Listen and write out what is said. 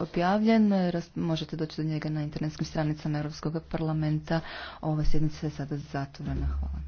objavljen, možete doći do njega na internetskim stranicama Europskog parlamenta. Ova sjednica je sada zatvorena. Hvala.